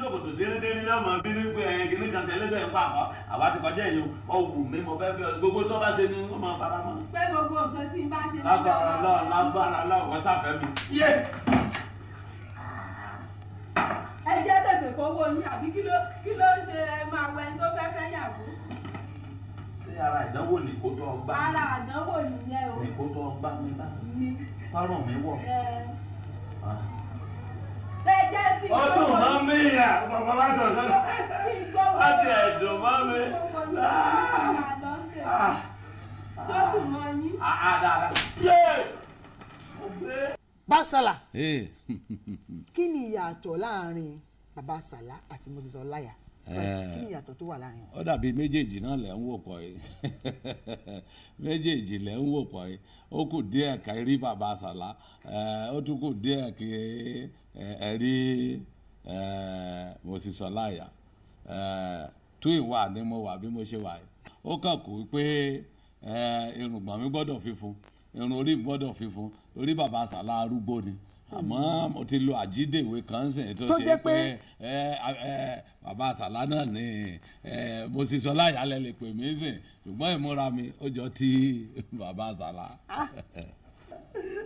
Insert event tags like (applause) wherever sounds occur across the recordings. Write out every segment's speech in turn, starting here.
sòkòtò dérédéé náà mọ̀ bí wípé ẹ̀yìn kìíní kan tẹ̀lé bẹ́ẹ̀ ń pa àmọ́ àwa ti kọjá èyí o wù mí mo fẹ́ fi ọ gbogbo tó bá ṣe ni wọ́n máa fara mọ́. pé gbogbo nǹkan tí n bá ṣe. lágbára náà lágbára náà wọ́n sàfẹ́ mi. ẹ jẹ́ tètè kówó ní àbí kí ló ń ṣe ẹ máa wẹ tó fẹ́ fẹ́ yàgò. ṣé ara ìdánwò nìkó tó ọgbà. ara ìdánwò ọ máa mma mìíràn àpapọ̀ máa tọ̀ lọ́nà láti ẹ̀dùn máa mi. Bàbá kí ni ìyàtọ̀ láàrin Bàbá Sàlá àti Moses Ọláyà? kí eh. ni tó wà láàrin wọn. ó dàbí méjèèjì náà lẹ́ ń wò pọ̀ yìí (laughs) méjèèjì lẹ́ ń wò pọ̀ yìí ó kù díẹ̀ ká rí eh, ó tún ɛde ɛɛ mosisolaya ɛɛ tó ìwà ni mo wà bí mo ṣe wà yìí ó kàn kú pé ɛɛ irùngbọ̀n mi gbọ́dọ̀ fífun irun orí mi gbọ́dọ̀ fífun orí bàbá sàlá arúgbó ni àmọ́ mo ti lo àjídèwé kan sìn tó ṣe pé bàbá àsàlá náà ni mo sì sọ láyà lẹ́lẹ̀ pè mí sìn ṣùgbọ́n ìmúra mi ó jọ ti bàbá àsàlá. Ah. (laughs)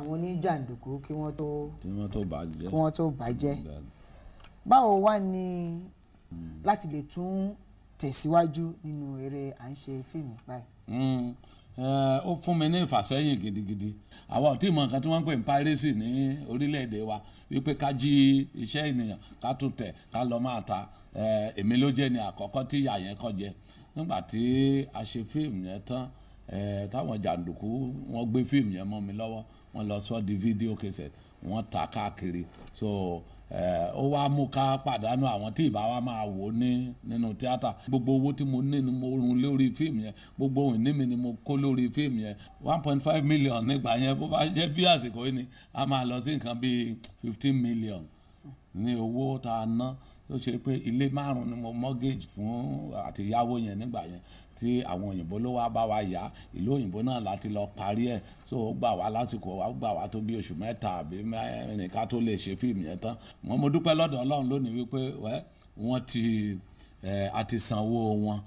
àwọn oníjàǹdùkú kí wọ́n tó kí wọ́n tó bàjẹ́ báwo wá ni hmm. láti lè tún tẹ̀síwájú nínú eré à ń ṣe fíìmù báyìí. Hmm. ó fún mi ní ìfàsẹ́yìn gidigidi àwa ò tí ì tí wọ́n ń pè ní piracy ní orílẹ̀-èdè wa wípé ká jí iṣẹ́ ènìyàn ká tún tẹ̀ ká lọ máa ta èmi ló jẹ́ ni àkọ́kọ́ tí ìyá yẹn kọ́ jẹ nígbà tí a ṣe fíìmù yẹn tán Eh, táwọn jàǹdùkú wọ́n gbé fíìmù yẹn mọ́ mi lọ́wọ́ wọ́n lọ sọ di fídíò kẹsẹ̀ wọ́n ta káàkiri so eh, ó wá mú ká pàdánù àwọn tí ìbá máa wò ní nínú tíátà gbogbo owó tí mo ní ni mo run lórí fíìmù yẹn gbogbo ohun ìní mi ni mo kó lórí fíìmù yẹn one point five million nígbà yẹn bó bá jẹ́ bí àsìkò yìí ni a máa lọ sí nǹkan bíi fifteen million ní owó tá a ná tó ṣe pé ilé márùn ni mo mortgage fún àti yáwó yẹn nígbà yẹn tí àwọn òyìnbó ló wá bá wa yá ìlú òyìnbó náà láti lọ parí ẹ̀ so ó gbà wá lásìkò wa ó gbà wá tó bí oṣù mẹ́ta àbí mẹ́rin ká tó lè ṣe fíìmù yẹn tán mo mo dúpẹ́ lọ́dọ̀ Ọlọ́run lónìí wípé wọ́n ti àti sanwó wọn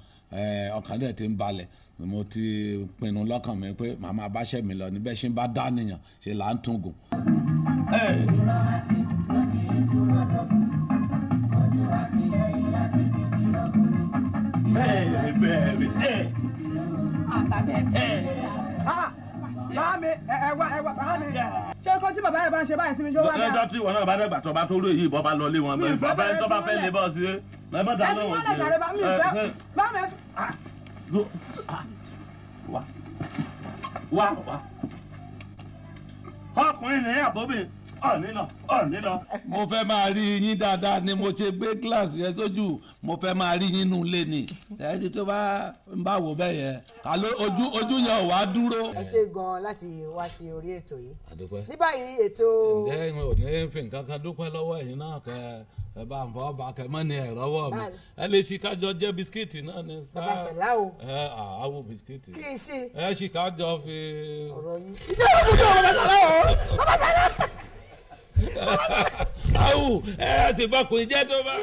ọkàn dẹ̀ ti ń balẹ̀ mo ti pinnu lọ́kàn mi pé màmá abáṣẹ́ mi lọ níbẹ̀ ṣe ń bá dá nìyàn ṣe là ń tún gùn. Báàmì ẹ̀wá ẹ̀wá báàmì. Ṣé kó tí bàbá yẹn bá ń ṣe báyìí sí mi ṣé ó wá dáa? Lọ́jọ́ tí ìwọ náà bá dẹ̀gbà tó bá tó lóye ìbọn bá lọ lé wọn. Bàbá yẹn tó bá fẹ́ lé bọ́ sí i. Ẹ má dáná wọn jẹ. Ẹ ti wọ́n lẹ̀ jàre báàmì. Wá wá wá. Ọkùnrin nìyẹn àbóbìnrin. àmínà àmínà. mo fẹ́ máa rí yín dáadáa ni mo ṣe gbé gíláàsì yẹn sójú mo fẹ́ máa rí yín nulé ni ẹni tó bá ń bá wò bẹ́ẹ̀ yẹn àlọ́ ojú ojú yẹn ò wá dúró. ẹ ṣe gan-an láti wá sí orí ètò yìí ní báyìí ètò. ǹjẹ́ mi ò ní fi nǹkan kan dúpẹ́ lọ́wọ́ náà ẹ bá ń ọba kẹmọ ni ẹ rọwọ mi ẹ fi. ọ̀rọ̀ yìí. ìjọba o bàbá sẹlá. awù ẹ ti bá kò jẹ́ tó bá.